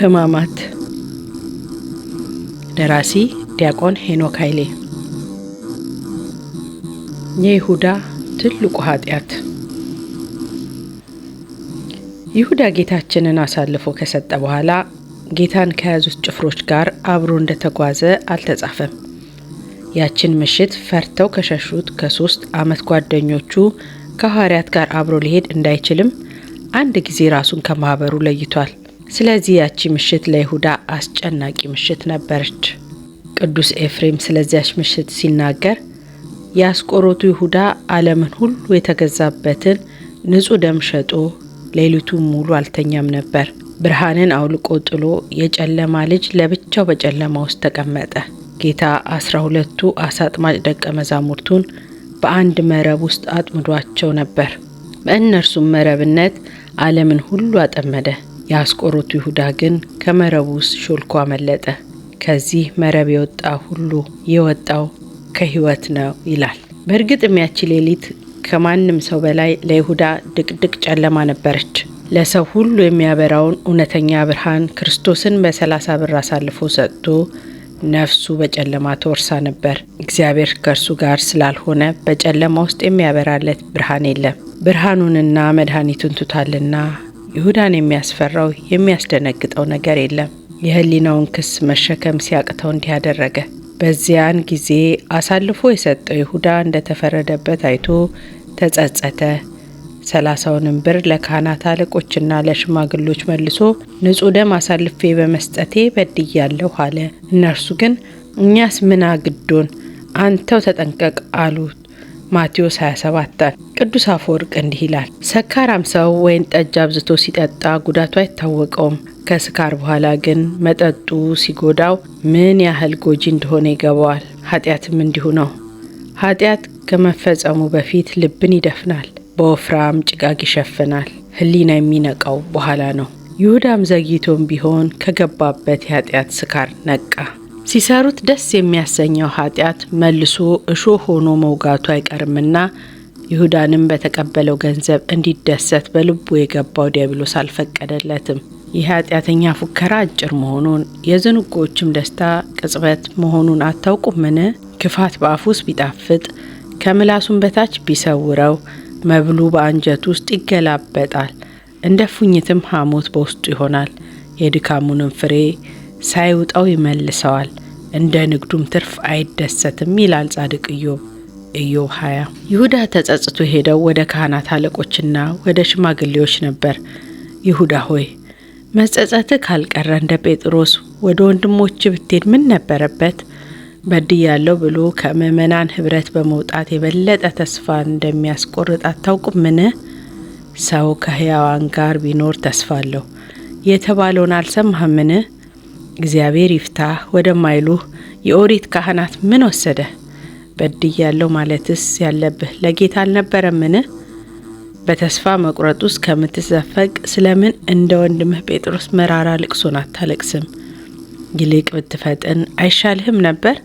ህማማት ደራሲ ዲያቆን ሄኖክ ኃይሌ። የይሁዳ ትልቁ ኃጢአት። ይሁዳ ጌታችንን አሳልፎ ከሰጠ በኋላ ጌታን ከያዙት ጭፍሮች ጋር አብሮ እንደተጓዘ አልተጻፈም። ያችን ምሽት ፈርተው ከሸሹት ከሶስት ዓመት ጓደኞቹ ከሐዋርያት ጋር አብሮ ሊሄድ እንዳይችልም አንድ ጊዜ ራሱን ከማኅበሩ ለይቷል። ስለዚህ ያቺ ምሽት ለይሁዳ አስጨናቂ ምሽት ነበረች። ቅዱስ ኤፍሬም ስለዚያች ምሽት ሲናገር የአስቆሮቱ ይሁዳ ዓለምን ሁሉ የተገዛበትን ንጹሕ ደም ሸጦ ሌሊቱን ሙሉ አልተኛም ነበር። ብርሃንን አውልቆ ጥሎ የጨለማ ልጅ ለብቻው በጨለማ ውስጥ ተቀመጠ። ጌታ አስራ ሁለቱ አሳ አጥማጭ ደቀ መዛሙርቱን በአንድ መረብ ውስጥ አጥምዷቸው ነበር። በእነርሱም መረብነት ዓለምን ሁሉ አጠመደ። የአስቆሮቱ ይሁዳ ግን ከመረቡ ውስጥ ሾልኮ አመለጠ። ከዚህ መረብ የወጣ ሁሉ የወጣው ከህይወት ነው ይላል። በእርግጥም ያቺ ሌሊት ከማንም ሰው በላይ ለይሁዳ ድቅድቅ ጨለማ ነበረች። ለሰው ሁሉ የሚያበራውን እውነተኛ ብርሃን ክርስቶስን በሰላሳ ብር አሳልፎ ሰጥቶ ነፍሱ በጨለማ ተወርሳ ነበር። እግዚአብሔር ከእርሱ ጋር ስላልሆነ በጨለማ ውስጥ የሚያበራለት ብርሃን የለም። ብርሃኑንና መድኃኒቱን ትቷልና ይሁዳን የሚያስፈራው የሚያስደነግጠው ነገር የለም። የህሊናውን ክስ መሸከም ሲያቅተው እንዲህ አደረገ። በዚያን ጊዜ አሳልፎ የሰጠው ይሁዳ እንደተፈረደበት አይቶ ተጸጸተ። ሰላሳውንም ብር ለካህናት አለቆችና ለሽማግሎች መልሶ ንጹሕ ደም አሳልፌ በመስጠቴ በድያለሁ አለ። እነርሱ ግን እኛስ ምን አግዶን አንተው ተጠንቀቅ አሉት። ማቴዎስ 27 ቅዱስ አፈወርቅ እንዲህ ይላል፣ ሰካራም ሰው ወይን ጠጅ አብዝቶ ሲጠጣ ጉዳቱ አይታወቀውም። ከስካር በኋላ ግን መጠጡ ሲጎዳው ምን ያህል ጎጂ እንደሆነ ይገባዋል። ኃጢአትም እንዲሁ ነው። ኃጢአት ከመፈጸሙ በፊት ልብን ይደፍናል፣ በወፍራም ጭጋግ ይሸፍናል። ህሊና የሚነቃው በኋላ ነው። ይሁዳም ዘግይቶም ቢሆን ከገባበት የኃጢአት ስካር ነቃ። ሲሰሩት ደስ የሚያሰኘው ኃጢአት መልሶ እሾህ ሆኖ መውጋቱ አይቀርምና ይሁዳንም በተቀበለው ገንዘብ እንዲደሰት በልቡ የገባው ዲያብሎስ አልፈቀደለትም። ይህ ኃጢአተኛ ፉከራ አጭር መሆኑን የዝንጎዎችም ደስታ ቅጽበት መሆኑን አታውቁምን? ክፋት በአፉ ውስጥ ቢጣፍጥ ከምላሱን በታች ቢሰውረው መብሉ በአንጀቱ ውስጥ ይገላበጣል፣ እንደ ፉኝትም ሐሞት በውስጡ ይሆናል። የድካሙንም ፍሬ ሳይውጣው ይመልሰዋል፣ እንደ ንግዱም ትርፍ አይደሰትም ይላል ጻድቅ ኢዮብ ኢዮብ 20 ይሁዳ ተጸጽቶ ሄደው ወደ ካህናት አለቆችና ወደ ሽማግሌዎች ነበር። ይሁዳ ሆይ መጸጸትህ ካልቀረ እንደ ጴጥሮስ ወደ ወንድሞች ብትሄድ ምን ነበረበት? በድያለሁ ብሎ ከምእመናን ህብረት በመውጣት የበለጠ ተስፋ እንደሚያስቆርጥ አታውቁምን? ሰው ከሕያዋን ጋር ቢኖር ተስፋ አለሁ የተባለውን አልሰማህምን? እግዚአብሔር ይፍታ ወደማይሉ የኦሪት ካህናት ምን በድ ያለው ማለትስ ያለብህ ለጌታ አልነበረምን? በተስፋ መቁረጥ ውስጥ ከምትዘፈቅ ስለምን እንደ ወንድምህ ጴጥሮስ መራራ ልቅሶን አታለቅስም? ይልቅ ብትፈጥን አይሻልህም ነበር?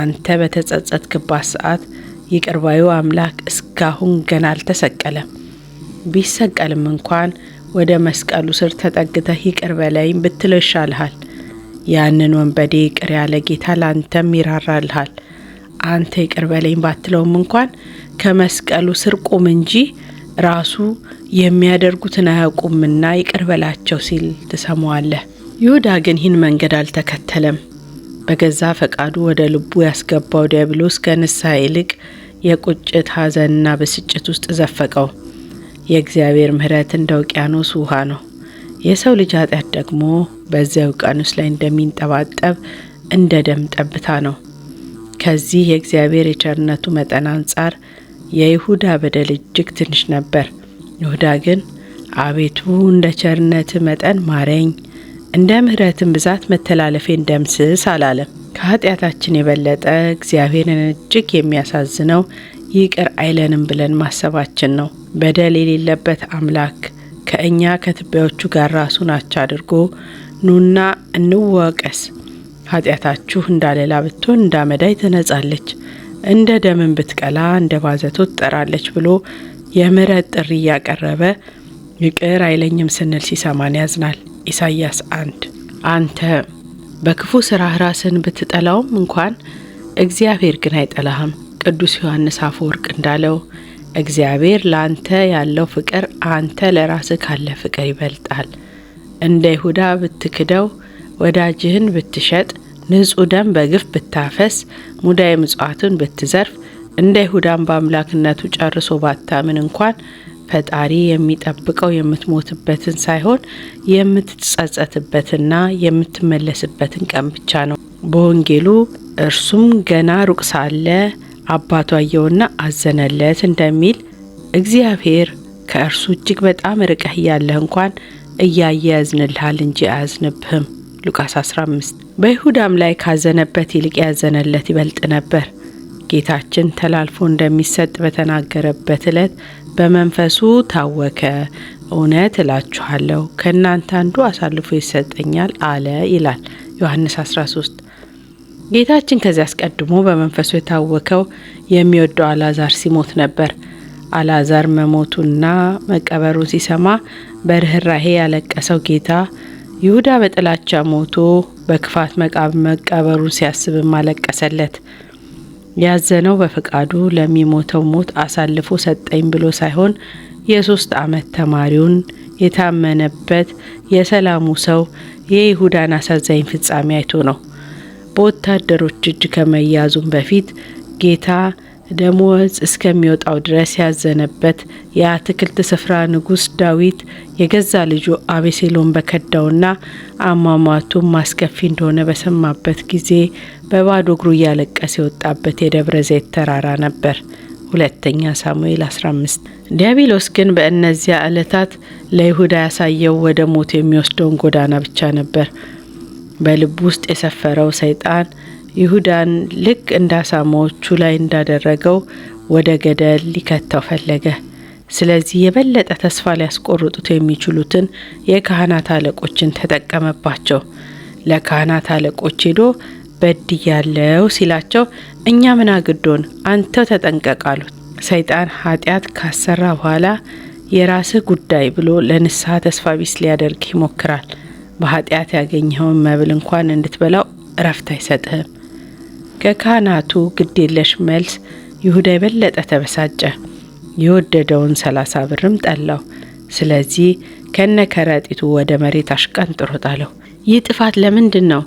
አንተ በተጸጸትክባት ሰዓት ይቅርባዩ አምላክ እስካሁን ገና አልተሰቀለም። ቢሰቀልም እንኳን ወደ መስቀሉ ስር ተጠግተህ ይቅር በለኝ ብትለው ይሻልሃል። ያንን ወንበዴ ይቅር ያለ ጌታ ላንተም ይራራልሃል። አንተ ይቅር በለኝ ባትለውም እንኳን ከመስቀሉ ስር ቁም እንጂ ራሱ የሚያደርጉትን አያውቁምና ይቅር በላቸው ሲል ትሰማዋለህ። ይሁዳ ግን ይህን መንገድ አልተከተለም። በገዛ ፈቃዱ ወደ ልቡ ያስገባው ዲያብሎስ ከንስሐ ይልቅ የቁጭት ሐዘንና ብስጭት ውስጥ ዘፈቀው። የእግዚአብሔር ምሕረት እንደ ውቅያኖስ ውሃ ነው። የሰው ልጅ ኃጢአት ደግሞ በዚያ ውቅያኖስ ላይ እንደሚንጠባጠብ እንደ ደም ጠብታ ነው። ከዚህ የእግዚአብሔር የቸርነቱ መጠን አንጻር የይሁዳ በደል እጅግ ትንሽ ነበር። ይሁዳ ግን አቤቱ እንደ ቸርነት መጠን ማረኝ፣ እንደ ምሕረትን ብዛት መተላለፌን ደምስስ አላለም። ከኃጢአታችን የበለጠ እግዚአብሔርን እጅግ የሚያሳዝነው ይቅር አይለንም ብለን ማሰባችን ነው። በደል የሌለበት አምላክ ከእኛ ከትቢያዎቹ ጋር ራሱን አቻ አድርጎ ኑና እንወቀስ፣ ኃጢአታችሁ እንዳሌላ ብትሆን እንዳመዳይ ትነጻለች፣ እንደ ደምን ብትቀላ እንደ ባዘቶ ትጠራለች ብሎ የምረት ጥሪ እያቀረበ ይቅር አይለኝም ስንል ሲሰማን ያዝናል። ኢሳይያስ አንድ አንተ በክፉ ስራህ ራስን ብትጠላውም እንኳን እግዚአብሔር ግን አይጠላህም። ቅዱስ ዮሐንስ አፈወርቅ እንዳለው እግዚአብሔር ለአንተ ያለው ፍቅር አንተ ለራስህ ካለ ፍቅር ይበልጣል። እንደ ይሁዳ ብትክደው፣ ወዳጅህን ብትሸጥ፣ ንጹሕ ደም በግፍ ብታፈስ፣ ሙዳየ ምጽዋቱን ብትዘርፍ፣ እንደ ይሁዳም በአምላክነቱ ጨርሶ ባታምን እንኳን ፈጣሪ የሚጠብቀው የምትሞትበትን ሳይሆን የምትጸጸትበትና የምትመለስበትን ቀን ብቻ ነው። በወንጌሉ እርሱም ገና ሩቅ ሳለ አባቱ አየውና አዘነለት እንደሚል እግዚአብሔር ከእርሱ እጅግ በጣም ርቀህ እያለህ እንኳን እያየ ያዝንልሃል እንጂ አያዝንብህም። ሉቃስ 15 በይሁዳም ላይ ካዘነበት ይልቅ ያዘነለት ይበልጥ ነበር። ጌታችን ተላልፎ እንደሚሰጥ በተናገረበት ዕለት በመንፈሱ ታወከ። እውነት እላችኋለሁ ከእናንተ አንዱ አሳልፎ ይሰጠኛል አለ ይላል ዮሐንስ 13 ጌታችን ከዚህ አስቀድሞ በመንፈሱ የታወከው የሚወደው አላዛር ሲሞት ነበር። አላዛር መሞቱና መቀበሩን ሲሰማ በርኅራሄ ያለቀሰው ጌታ ይሁዳ በጥላቻ ሞቶ በክፋት መቀበሩን ሲያስብም አለቀሰለት። ያዘነው በፈቃዱ ለሚሞተው ሞት አሳልፎ ሰጠኝ ብሎ ሳይሆን የሶስት ዓመት ተማሪውን የታመነበት የሰላሙ ሰው የይሁዳን አሳዛኝ ፍጻሜ አይቶ ነው። በወታደሮች እጅ ከመያዙም በፊት ጌታ ደሞዝ እስከሚወጣው ድረስ ያዘነበት የአትክልት ስፍራ ንጉስ ዳዊት የገዛ ልጁ አቤሴሎም በከዳውና አሟሟቱም አስከፊ እንደሆነ በሰማበት ጊዜ በባዶ እግሩ እያለቀሰ የወጣበት የደብረ ዘይት ተራራ ነበር። ሁለተኛ ሳሙኤል 15 ዲያብሎስ ግን በእነዚያ ዕለታት ለይሁዳ ያሳየው ወደ ሞት የሚወስደውን ጎዳና ብቻ ነበር። በልብ ውስጥ የሰፈረው ሰይጣን ይሁዳን ልክ እንዳሳማዎቹ ላይ እንዳደረገው ወደ ገደል ሊከተው ፈለገ። ስለዚህ የበለጠ ተስፋ ሊያስቆርጡት የሚችሉትን የካህናት አለቆችን ተጠቀመባቸው። ለካህናት አለቆች ሄዶ በድያለው ሲላቸው እኛ ምን አግዶን አንተው ተጠንቀቅ አሉት። ሰይጣን ኃጢአት ካሰራ በኋላ የራስህ ጉዳይ ብሎ ለንስሐ ተስፋ ቢስ ሊያደርግ ይሞክራል። በኃጢአት ያገኘኸውን መብል እንኳን እንድትበላው እረፍት አይሰጥህም። ከካህናቱ ግዴለሽ መልስ ይሁዳ የበለጠ ተበሳጨ። የወደደውን ሰላሳ ብርም ጠላው። ስለዚህ ከነ ከረጢቱ ወደ መሬት አሽቀንጥሮ ጣለው። ይህ ጥፋት ለምንድን ነው?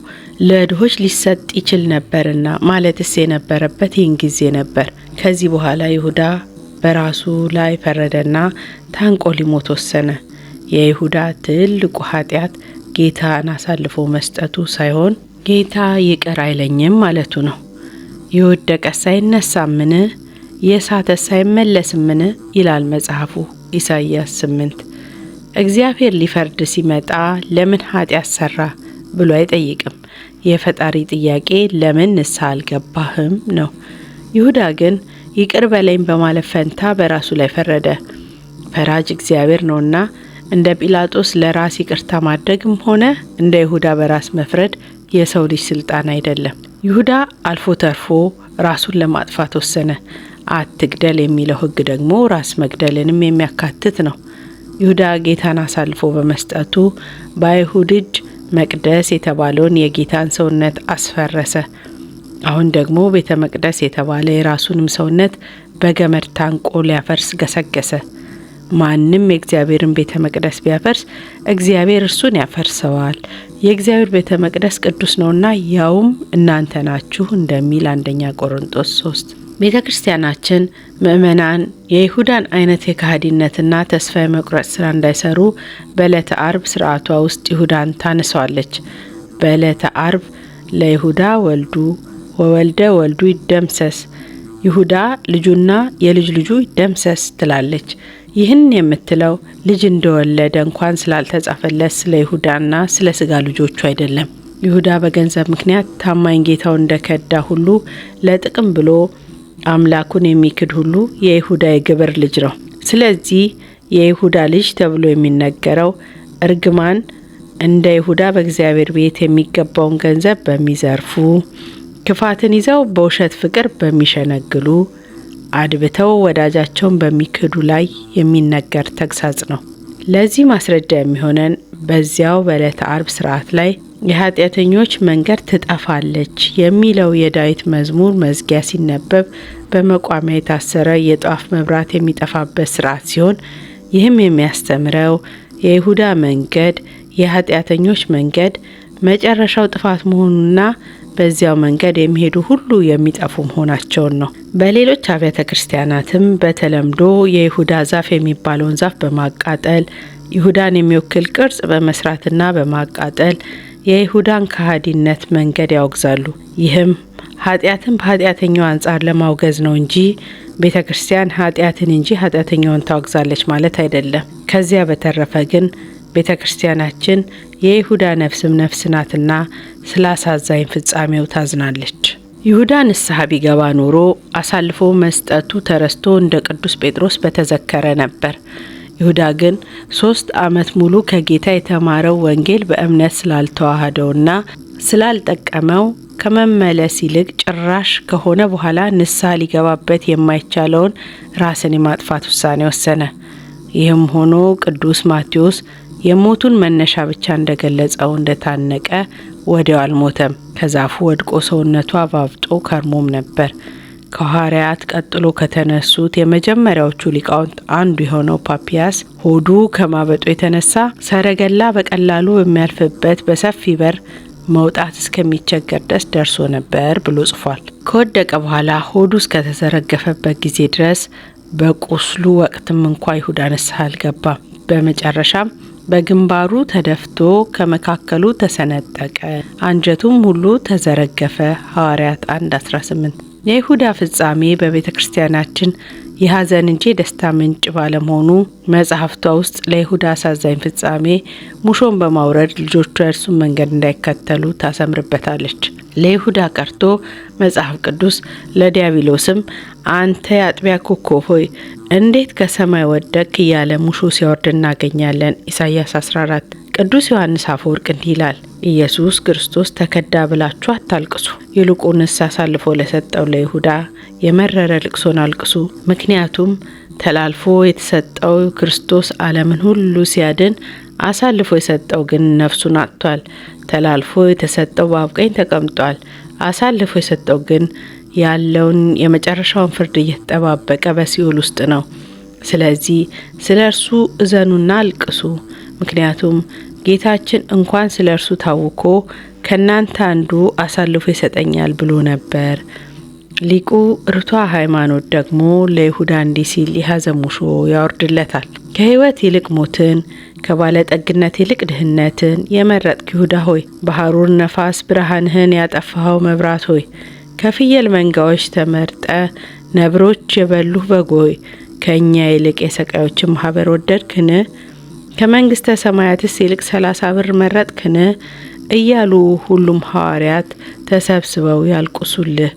ለድሆች ሊሰጥ ይችል ነበርና ማለትስ የነበረበት ይህን ጊዜ ነበር። ከዚህ በኋላ ይሁዳ በራሱ ላይ ፈረደና ታንቆ ሊሞት ወሰነ። የይሁዳ ትልቁ ኃጢአት ጌታን አሳልፎ መስጠቱ ሳይሆን ጌታ ይቅር አይለኝም ማለቱ ነው። የወደቀስ አይነሳምን? የሳተስ አይመለስምን? ይላል መጽሐፉ ኢሳይያስ 8። እግዚአብሔር ሊፈርድ ሲመጣ ለምን ኃጢአት ሰራ ብሎ አይጠይቅም። የፈጣሪ ጥያቄ ለምን ንስሐ አልገባህም ነው። ይሁዳ ግን ይቅር በለኝ በማለት ፈንታ በራሱ ላይ ፈረደ። ፈራጅ እግዚአብሔር ነውና እንደ ጲላጦስ ለራስ ይቅርታ ማድረግም ሆነ እንደ ይሁዳ በራስ መፍረድ የሰው ልጅ ስልጣን አይደለም። ይሁዳ አልፎ ተርፎ ራሱን ለማጥፋት ወሰነ። አትግደል የሚለው ሕግ ደግሞ ራስ መግደልንም የሚያካትት ነው። ይሁዳ ጌታን አሳልፎ በመስጠቱ በአይሁድ እጅ መቅደስ የተባለውን የጌታን ሰውነት አስፈረሰ። አሁን ደግሞ ቤተ መቅደስ የተባለ የራሱንም ሰውነት በገመድ ታንቆ ሊያፈርስ ገሰገሰ። ማንም የእግዚአብሔርን ቤተ መቅደስ ቢያፈርስ እግዚአብሔር እርሱን ያፈርሰዋል። የእግዚአብሔር ቤተ መቅደስ ቅዱስ ነውና ያውም እናንተ ናችሁ እንደሚል አንደኛ ቆሮንጦስ 3። ቤተ ክርስቲያናችን ምእመናን የይሁዳን አይነት የካህዲነትና ተስፋ የመቁረጥ ስራ እንዳይሰሩ በዕለተ አርብ ስርዓቷ ውስጥ ይሁዳን ታንሰዋለች። በዕለተ አርብ ለይሁዳ ወልዱ ወወልደ ወልዱ ይደምሰስ፣ ይሁዳ ልጁና የልጅ ልጁ ይደምሰስ ትላለች። ይህን የምትለው ልጅ እንደወለደ እንኳን ስላልተጻፈለት ስለ ይሁዳና ስለ ስጋ ልጆቹ አይደለም። ይሁዳ በገንዘብ ምክንያት ታማኝ ጌታው እንደከዳ ሁሉ ለጥቅም ብሎ አምላኩን የሚክድ ሁሉ የይሁዳ የግብር ልጅ ነው። ስለዚህ የይሁዳ ልጅ ተብሎ የሚነገረው እርግማን እንደ ይሁዳ በእግዚአብሔር ቤት የሚገባውን ገንዘብ በሚዘርፉ፣ ክፋትን ይዘው በውሸት ፍቅር በሚሸነግሉ አድብተው ወዳጃቸውን በሚክዱ ላይ የሚነገር ተግሳጽ ነው። ለዚህ ማስረጃ የሚሆነን በዚያው በዕለተ አርብ ስርዓት ላይ የኃጢአተኞች መንገድ ትጠፋለች የሚለው የዳዊት መዝሙር መዝጊያ ሲነበብ በመቋሚያ የታሰረ የጧፍ መብራት የሚጠፋበት ስርዓት ሲሆን ይህም የሚያስተምረው የይሁዳ መንገድ የኃጢአተኞች መንገድ መጨረሻው ጥፋት መሆኑና በዚያው መንገድ የሚሄዱ ሁሉ የሚጠፉ መሆናቸውን ነው። በሌሎች አብያተ ክርስቲያናትም በተለምዶ የይሁዳ ዛፍ የሚባለውን ዛፍ በማቃጠል ይሁዳን የሚወክል ቅርጽ በመስራትና በማቃጠል የይሁዳን ከሃዲነት መንገድ ያወግዛሉ። ይህም ኃጢአትን በኃጢአተኛው አንጻር ለማውገዝ ነው እንጂ ቤተ ክርስቲያን ኃጢአትን እንጂ ኃጢአተኛውን ታወግዛለች ማለት አይደለም። ከዚያ በተረፈ ግን ቤተ ክርስቲያናችን የይሁዳ ነፍስም ነፍስ ናትና ስለ አሳዛኝ ፍጻሜው ታዝናለች። ይሁዳ ንስሐ ቢገባ ኖሮ አሳልፎ መስጠቱ ተረስቶ እንደ ቅዱስ ጴጥሮስ በተዘከረ ነበር። ይሁዳ ግን ሶስት ዓመት ሙሉ ከጌታ የተማረው ወንጌል በእምነት ስላልተዋህደውና ስላልጠቀመው ከመመለስ ይልቅ ጭራሽ ከሆነ በኋላ ንስሐ ሊገባበት የማይቻለውን ራስን የማጥፋት ውሳኔ ወሰነ። ይህም ሆኖ ቅዱስ ማቴዎስ የሞቱን መነሻ ብቻ እንደገለጸው እንደታነቀ ወዲያው አልሞተም። ከዛፉ ወድቆ ሰውነቱ አባብጦ ከርሞም ነበር። ከሐዋርያት ቀጥሎ ከተነሱት የመጀመሪያዎቹ ሊቃውንት አንዱ የሆነው ፓፒያስ ሆዱ ከማበጡ የተነሳ ሰረገላ በቀላሉ በሚያልፍበት በሰፊ በር መውጣት እስከሚቸገር ድረስ ደርሶ ነበር ብሎ ጽፏል። ከወደቀ በኋላ ሆዱ እስከተዘረገፈበት ጊዜ ድረስ በቁስሉ ወቅትም እንኳ ይሁዳ ንስሐ አልገባም። በመጨረሻም በግንባሩ ተደፍቶ ከመካከሉ ተሰነጠቀ፣ አንጀቱም ሁሉ ተዘረገፈ። ሐዋርያት 1 18 የይሁዳ ፍጻሜ በቤተ ክርስቲያናችን የሐዘን እንጂ የደስታ ምንጭ ባለመሆኑ መጽሐፍቷ ውስጥ ለይሁዳ አሳዛኝ ፍጻሜ ሙሾን በማውረድ ልጆቿ የእርሱን መንገድ እንዳይከተሉ ታሰምርበታለች። ለይሁዳ ቀርቶ መጽሐፍ ቅዱስ ለዲያብሎስም አንተ የአጥቢያ ኮከብ ሆይ እንዴት ከሰማይ ወደቅ እያለ ሙሾ ሲያወርድ እናገኛለን። ኢሳያስ 14 ቅዱስ ዮሐንስ አፈወርቅ እንዲህ ይላል፣ ኢየሱስ ክርስቶስ ተከዳ ብላችሁ አታልቅሱ፣ ይልቁንስ አሳልፎ ለሰጠው ለይሁዳ የመረረ ልቅሶን አልቅሱ። ምክንያቱም ተላልፎ የተሰጠው ክርስቶስ ዓለምን ሁሉ ሲያድን አሳልፎ የሰጠው ግን ነፍሱን አጥቷል። ተላልፎ የተሰጠው በአብ ቀኝ ተቀምጧል። አሳልፎ የሰጠው ግን ያለውን የመጨረሻውን ፍርድ እየተጠባበቀ በሲኦል ውስጥ ነው። ስለዚህ ስለ እርሱ እዘኑና አልቅሱ። ምክንያቱም ጌታችን እንኳን ስለ እርሱ ታውኮ ከእናንተ አንዱ አሳልፎ ይሰጠኛል ብሎ ነበር። ሊቁ ርቷ ሃይማኖት ደግሞ ለይሁዳ እንዲህ ሲል የሐዘን ሙሾ ያወርድለታል። ከህይወት ይልቅ ሞትን፣ ከባለጠግነት ይልቅ ድህነትን የመረጥክ ይሁዳ ሆይ፣ በሐሩር ነፋስ ብርሃንህን ያጠፋኸው መብራት ሆይ ከፍየል መንጋዎች ተመርጠ ነብሮች የበሉህ በጎይ ከእኛ ይልቅ የሰቃዮችን ማህበር ወደድክን? ከመንግስተ ሰማያትስ ይልቅ ሰላሳ ብር መረጥክን? እያሉ ሁሉም ሐዋርያት ተሰብስበው ያልቁሱልህ።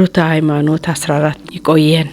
ሩታ ሃይማኖት 14 ይቆየን።